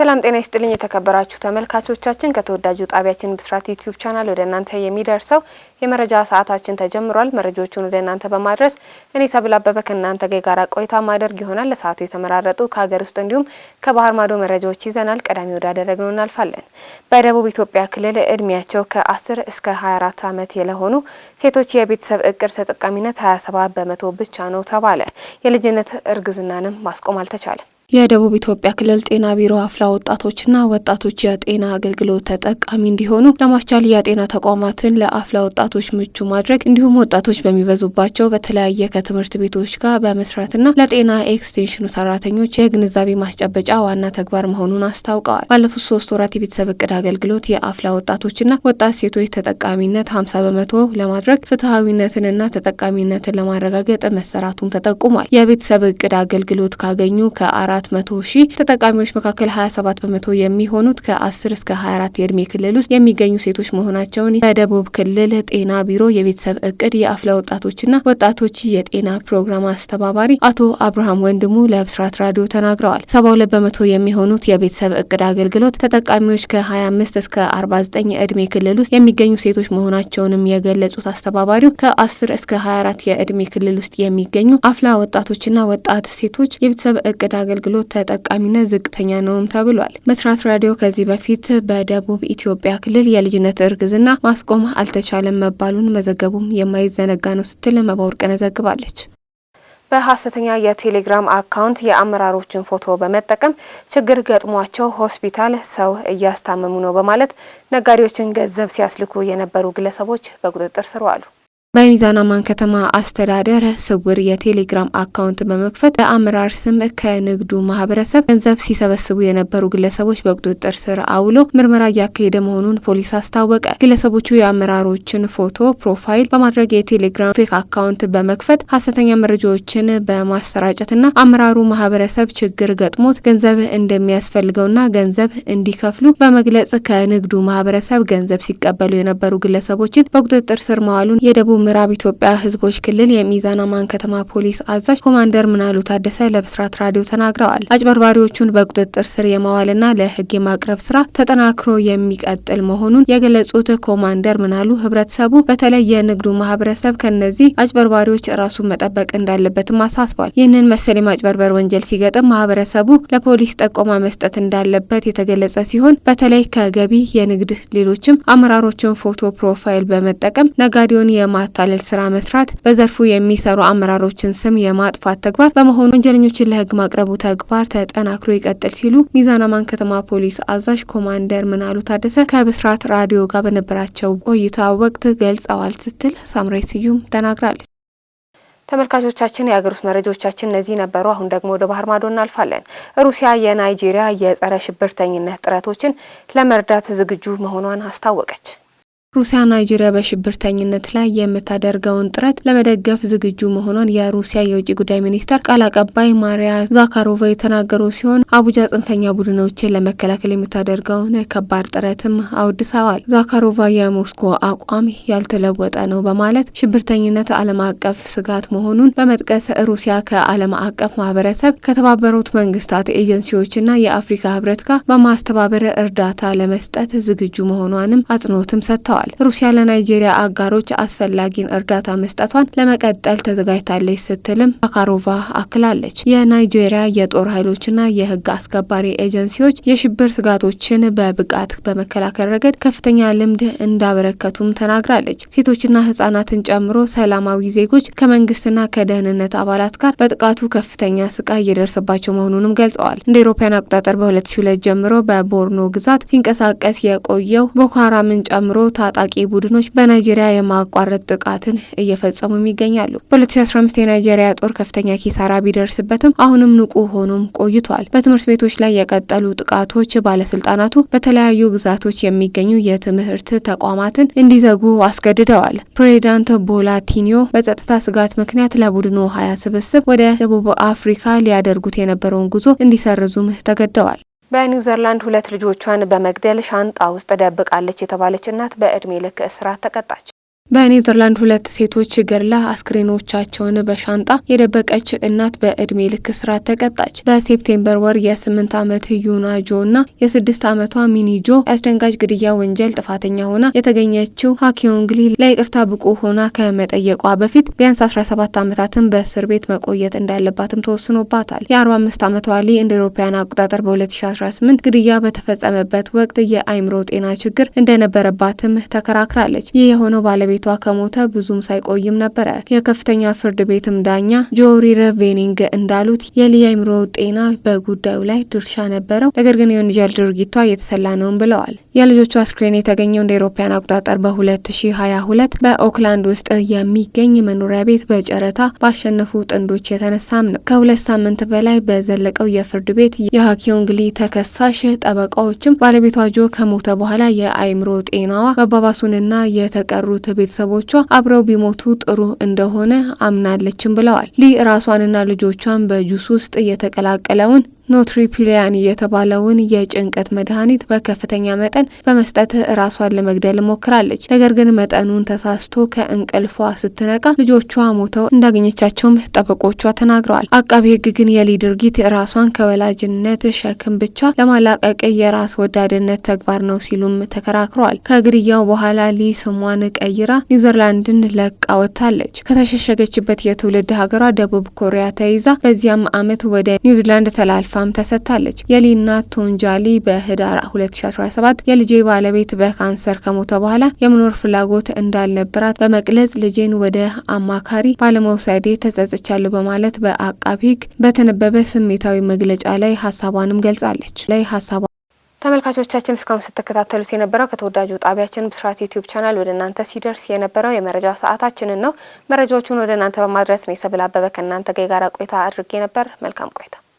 ሰላም ጤና ይስጥልኝ የተከበራችሁ ተመልካቾቻችን፣ ከተወዳጁ ጣቢያችን ብስራት ዩቲዩብ ቻናል ወደ እናንተ የሚደርሰው የመረጃ ሰዓታችን ተጀምሯል። መረጃዎቹን ወደ እናንተ በማድረስ እኔ ሰብል አበበ ከእናንተ ጋር ቆይታ ማድረግ ይሆናል። ለሰዓቱ የተመራረጡ ከሀገር ውስጥ እንዲሁም ከባህር ማዶ መረጃዎች ይዘናል። ቀዳሚ ወዳደረግነው እናልፋለን። በደቡብ ኢትዮጵያ ክልል እድሜያቸው ከ10 እስከ 24 ዓመት ለሆኑ ሴቶች የቤተሰብ እቅድ ተጠቃሚነት 27 በመቶ ብቻ ነው ተባለ። የልጅነት እርግዝናንም ማስቆም አልተቻለም። የደቡብ ኢትዮጵያ ክልል ጤና ቢሮ አፍላ ወጣቶችና ወጣቶች የጤና አገልግሎት ተጠቃሚ እንዲሆኑ ለማስቻል የጤና ተቋማትን ለአፍላ ወጣቶች ምቹ ማድረግ እንዲሁም ወጣቶች በሚበዙባቸው በተለያየ ከትምህርት ቤቶች ጋር በመስራትና ለጤና ኤክስቴንሽኑ ሰራተኞች የግንዛቤ ማስጨበጫ ዋና ተግባር መሆኑን አስታውቀዋል። ባለፉት ሶስት ወራት የቤተሰብ እቅድ አገልግሎት የአፍላ ወጣቶችና ወጣት ሴቶች ተጠቃሚነት ሀምሳ በመቶ ለማድረግ ፍትሐዊነትንና ተጠቃሚነትን ለማረጋገጥ መሰራቱን ተጠቁሟል። የቤተሰብ እቅድ አገልግሎት ካገኙ ከአራ 400 ሺህ ተጠቃሚዎች መካከል 27 በመቶ የሚሆኑት ከ10 እስከ 24 የእድሜ ክልል ውስጥ የሚገኙ ሴቶች መሆናቸውን በደቡብ ክልል ጤና ቢሮ የቤተሰብ እቅድ የአፍላ ወጣቶችና ወጣቶች የጤና ፕሮግራም አስተባባሪ አቶ አብርሃም ወንድሙ ለብስራት ራዲዮ ተናግረዋል። 72 በመቶ የሚሆኑት የቤተሰብ እቅድ አገልግሎት ተጠቃሚዎች ከ25 እስከ 49 የእድሜ ክልል ውስጥ የሚገኙ ሴቶች መሆናቸውንም የገለጹት አስተባባሪው ከ10 እስከ 24 የእድሜ ክልል ውስጥ የሚገኙ አፍላ ወጣቶችና ወጣት ሴቶች የቤተሰብ እቅድ አገልግሎት አገልግሎት ተጠቃሚነት ዝቅተኛ ነውም ተብሏል። ብስራት ራዲዮ ከዚህ በፊት በደቡብ ኢትዮጵያ ክልል የልጅነት እርግዝና ማስቆም አልተቻለም መባሉን መዘገቡም የማይዘነጋ ነው ስትል መባወርቅነ ዘግባለች። በሀሰተኛ የቴሌግራም አካውንት የአመራሮችን ፎቶ በመጠቀም ችግር ገጥሟቸው ሆስፒታል ሰው እያስታመሙ ነው በማለት ነጋዴዎችን ገንዘብ ሲያስልኩ የነበሩ ግለሰቦች በቁጥጥር ስር ዋሉ። በሚዛን አማን ከተማ አስተዳደር ስውር የቴሌግራም አካውንት በመክፈት በአመራር ስም ከንግዱ ማህበረሰብ ገንዘብ ሲሰበስቡ የነበሩ ግለሰቦች በቁጥጥር ስር አውሎ ምርመራ እያካሄደ መሆኑን ፖሊስ አስታወቀ። ግለሰቦቹ የአመራሮችን ፎቶ ፕሮፋይል በማድረግ የቴሌግራም ፌክ አካውንት በመክፈት ሀሰተኛ መረጃዎችን በማሰራጨትና አመራሩ ማህበረሰብ ችግር ገጥሞት ገንዘብ እንደሚያስፈልገውና ገንዘብ እንዲከፍሉ በመግለጽ ከንግዱ ማህበረሰብ ገንዘብ ሲቀበሉ የነበሩ ግለሰቦችን በቁጥጥር ስር መዋሉን የደቡብ ምዕራብ ኢትዮጵያ ህዝቦች ክልል የሚዛን አማን ከተማ ፖሊስ አዛዥ ኮማንደር ምናሉ ታደሰ ለብስራት ራዲዮ ተናግረዋል። አጭበርባሪዎቹን በቁጥጥር ስር የማዋልና ለህግ የማቅረብ ስራ ተጠናክሮ የሚቀጥል መሆኑን የገለጹት ኮማንደር ምናሉ ህብረተሰቡ በተለይ የንግዱ ማህበረሰብ ከነዚህ አጭበርባሪዎች ራሱን መጠበቅ እንዳለበትም አሳስቧል። ይህንን መሰል የማጭበርበር ወንጀል ሲገጥም ማህበረሰቡ ለፖሊስ ጠቆማ መስጠት እንዳለበት የተገለጸ ሲሆን በተለይ ከገቢ የንግድ ሌሎችም አመራሮችን ፎቶ ፕሮፋይል በመጠቀም ነጋዴውን የማ የማታለል ስራ መስራት በዘርፉ የሚሰሩ አመራሮችን ስም የማጥፋት ተግባር በመሆኑ ወንጀለኞችን ለህግ ማቅረቡ ተግባር ተጠናክሮ ይቀጥል ሲሉ ሚዛን አማን ከተማ ፖሊስ አዛዥ ኮማንደር ምናሉ ታደሰ ከብስራት ራዲዮ ጋር በነበራቸው ቆይታ ወቅት ገልጸዋል ስትል ሳምሬ ስዩም ተናግራለች። ተመልካቾቻችን የአገር ውስጥ መረጃዎቻችን እነዚህ ነበሩ። አሁን ደግሞ ወደ ባህር ማዶ እናልፋለን። ሩሲያ የናይጄሪያ የጸረ ሽብርተኝነት ጥረቶችን ለመርዳት ዝግጁ መሆኗን አስታወቀች። ሩሲያ ናይጄሪያ በሽብርተኝነት ላይ የምታደርገውን ጥረት ለመደገፍ ዝግጁ መሆኗን የሩሲያ የውጭ ጉዳይ ሚኒስቴር ቃል አቀባይ ማሪያ ዛካሮቫ የተናገሩ ሲሆን አቡጃ ጽንፈኛ ቡድኖችን ለመከላከል የምታደርገውን ከባድ ጥረትም አውድሰዋል። ዛካሮቫ የሞስኮ አቋም ያልተለወጠ ነው በማለት ሽብርተኝነት ዓለም አቀፍ ስጋት መሆኑን በመጥቀስ ሩሲያ ከዓለም አቀፍ ማህበረሰብ ከተባበሩት መንግስታት ኤጀንሲዎችና የአፍሪካ ህብረት ጋር በማስተባበር እርዳታ ለመስጠት ዝግጁ መሆኗንም አጽንኦትም ሰጥተዋል። ተናግረዋል። ሩሲያ ለናይጄሪያ አጋሮች አስፈላጊን እርዳታ መስጠቷን ለመቀጠል ተዘጋጅታለች ስትልም ዛካሮቫ አክላለች። የናይጄሪያ የጦር ኃይሎችና የህግ አስከባሪ ኤጀንሲዎች የሽብር ስጋቶችን በብቃት በመከላከል ረገድ ከፍተኛ ልምድ እንዳበረከቱም ተናግራለች። ሴቶችና ህጻናትን ጨምሮ ሰላማዊ ዜጎች ከመንግስትና ከደህንነት አባላት ጋር በጥቃቱ ከፍተኛ ስቃይ እየደረሰባቸው መሆኑንም ገልጸዋል። እንደ አውሮፓውያን አቆጣጠር በ2002 ጀምሮ በቦርኖ ግዛት ሲንቀሳቀስ የቆየው ቦኮ ሃራምን ጨምሮ ታ ታጣቂ ቡድኖች በናይጄሪያ የማቋረጥ ጥቃትን እየፈጸሙ ይገኛሉ። በ2015 የናይጄሪያ ጦር ከፍተኛ ኪሳራ ቢደርስበትም አሁንም ንቁ ሆኖም ቆይቷል። በትምህርት ቤቶች ላይ የቀጠሉ ጥቃቶች ባለስልጣናቱ በተለያዩ ግዛቶች የሚገኙ የትምህርት ተቋማትን እንዲዘጉ አስገድደዋል። ፕሬዚዳንት ቦላ ቲኒዮ በጸጥታ ስጋት ምክንያት ለቡድኑ ሀያ ስብስብ ወደ ደቡብ አፍሪካ ሊያደርጉት የነበረውን ጉዞ እንዲሰርዙም ተገደዋል። በኒውዚላንድ ሁለት ልጆቿን በመግደል ሻንጣ ውስጥ ደብቃለች የተባለች እናት በዕድሜ ልክ እስራት ተቀጣች። በኔዘርላንድ ሁለት ሴቶች ገድላ አስክሬኖቻቸውን በሻንጣ የደበቀች እናት በእድሜ ልክ እስራት ተቀጣች። በሴፕቴምበር ወር የስምንት ዓመት ዩና ጆ እና የስድስት ዓመቷ ሚኒ ጆ አስደንጋጭ ግድያ ወንጀል ጥፋተኛ ሆና የተገኘችው ሀኪዮንግሊ ለይቅርታ ብቁ ሆና ከመጠየቋ በፊት ቢያንስ 17 ዓመታትን በእስር ቤት መቆየት እንዳለባትም ተወስኖባታል። የ45 ዓመቷ ሊ እንደ አውሮፓውያን አቆጣጠር በ2018 ግድያ በተፈጸመበት ወቅት የአይምሮ ጤና ችግር እንደነበረባትም ተከራክራለች። ይህ የሆነው ባለቤት ባለቤቷ ከሞተ ብዙም ሳይቆይም ነበረ። የከፍተኛ ፍርድ ቤትም ዳኛ ጆሪ ረቬኒንግ እንዳሉት የሊያ አይምሮ ጤና በጉዳዩ ላይ ድርሻ ነበረው፣ ነገር ግን የወንጀል ድርጊቷ የተሰላ ነውም ብለዋል። የልጆቹ አስክሬን የተገኘው እንደ ኤሮፓያን አቆጣጠር በ2022 በኦክላንድ ውስጥ የሚገኝ መኖሪያ ቤት በጨረታ ባሸነፉ ጥንዶች የተነሳም ነው። ከሁለት ሳምንት በላይ በዘለቀው የፍርድ ቤት የሀኪዮንግሊ ተከሳሽ ጠበቃዎችም ባለቤቷ ጆ ከሞተ በኋላ የአይምሮ ጤናዋ መባባሱንና የተቀሩት ቤተሰቦቿ አብረው ቢሞቱ ጥሩ እንደሆነ አምናለችም ብለዋል። ሊ ራሷንና ልጆቿን በጁስ ውስጥ የተቀላቀለውን ኖትሪፒሊያን የተባለውን የጭንቀት መድኃኒት በከፍተኛ መጠን በመስጠት ራሷን ለመግደል ሞክራለች። ነገር ግን መጠኑን ተሳስቶ ከእንቅልፏ ስትነቃ ልጆቿ ሞተው እንዳገኘቻቸውም ጠበቆቿ ተናግረዋል። አቃቤ ሕግ ግን የሊ ድርጊት ራሷን ከወላጅነት ሸክም ብቻ ለማላቀቅ የራስ ወዳድነት ተግባር ነው ሲሉም ተከራክረዋል። ከግድያው በኋላ ሊ ስሟን ቀይራ ኒውዚርላንድን ለቃ ወጥታለች። ከተሸሸገችበት የትውልድ ሀገሯ ደቡብ ኮሪያ ተይዛ በዚያም ዓመት ወደ ኒውዚላንድ ተላልፋል። አስተያየቷም ተሰጥታለች። የሊና ቶንጃሊ በህዳር 2017 የልጄ ባለቤት በካንሰር ከሞተ በኋላ የመኖር ፍላጎት እንዳልነበራት በመግለጽ ልጄን ወደ አማካሪ ባለመውሰዴ ተጸጽቻለሁ በማለት በአቃቢ ህግ በተነበበ ስሜታዊ መግለጫ ላይ ሀሳቧንም ገልጻለች። ላይ ሀሳቧ ተመልካቾቻችን እስካሁን ስትከታተሉት የነበረው ከተወዳጁ ጣቢያችን ብስራት ዩቲዩብ ቻናል ወደ እናንተ ሲደርስ የነበረው የመረጃ ሰዓታችንን ነው። መረጃዎቹን ወደ እናንተ በማድረስ ነው የሰብል አበበ ከእናንተ ጋር ቆይታ አድርጌ ነበር። መልካም ቆይታ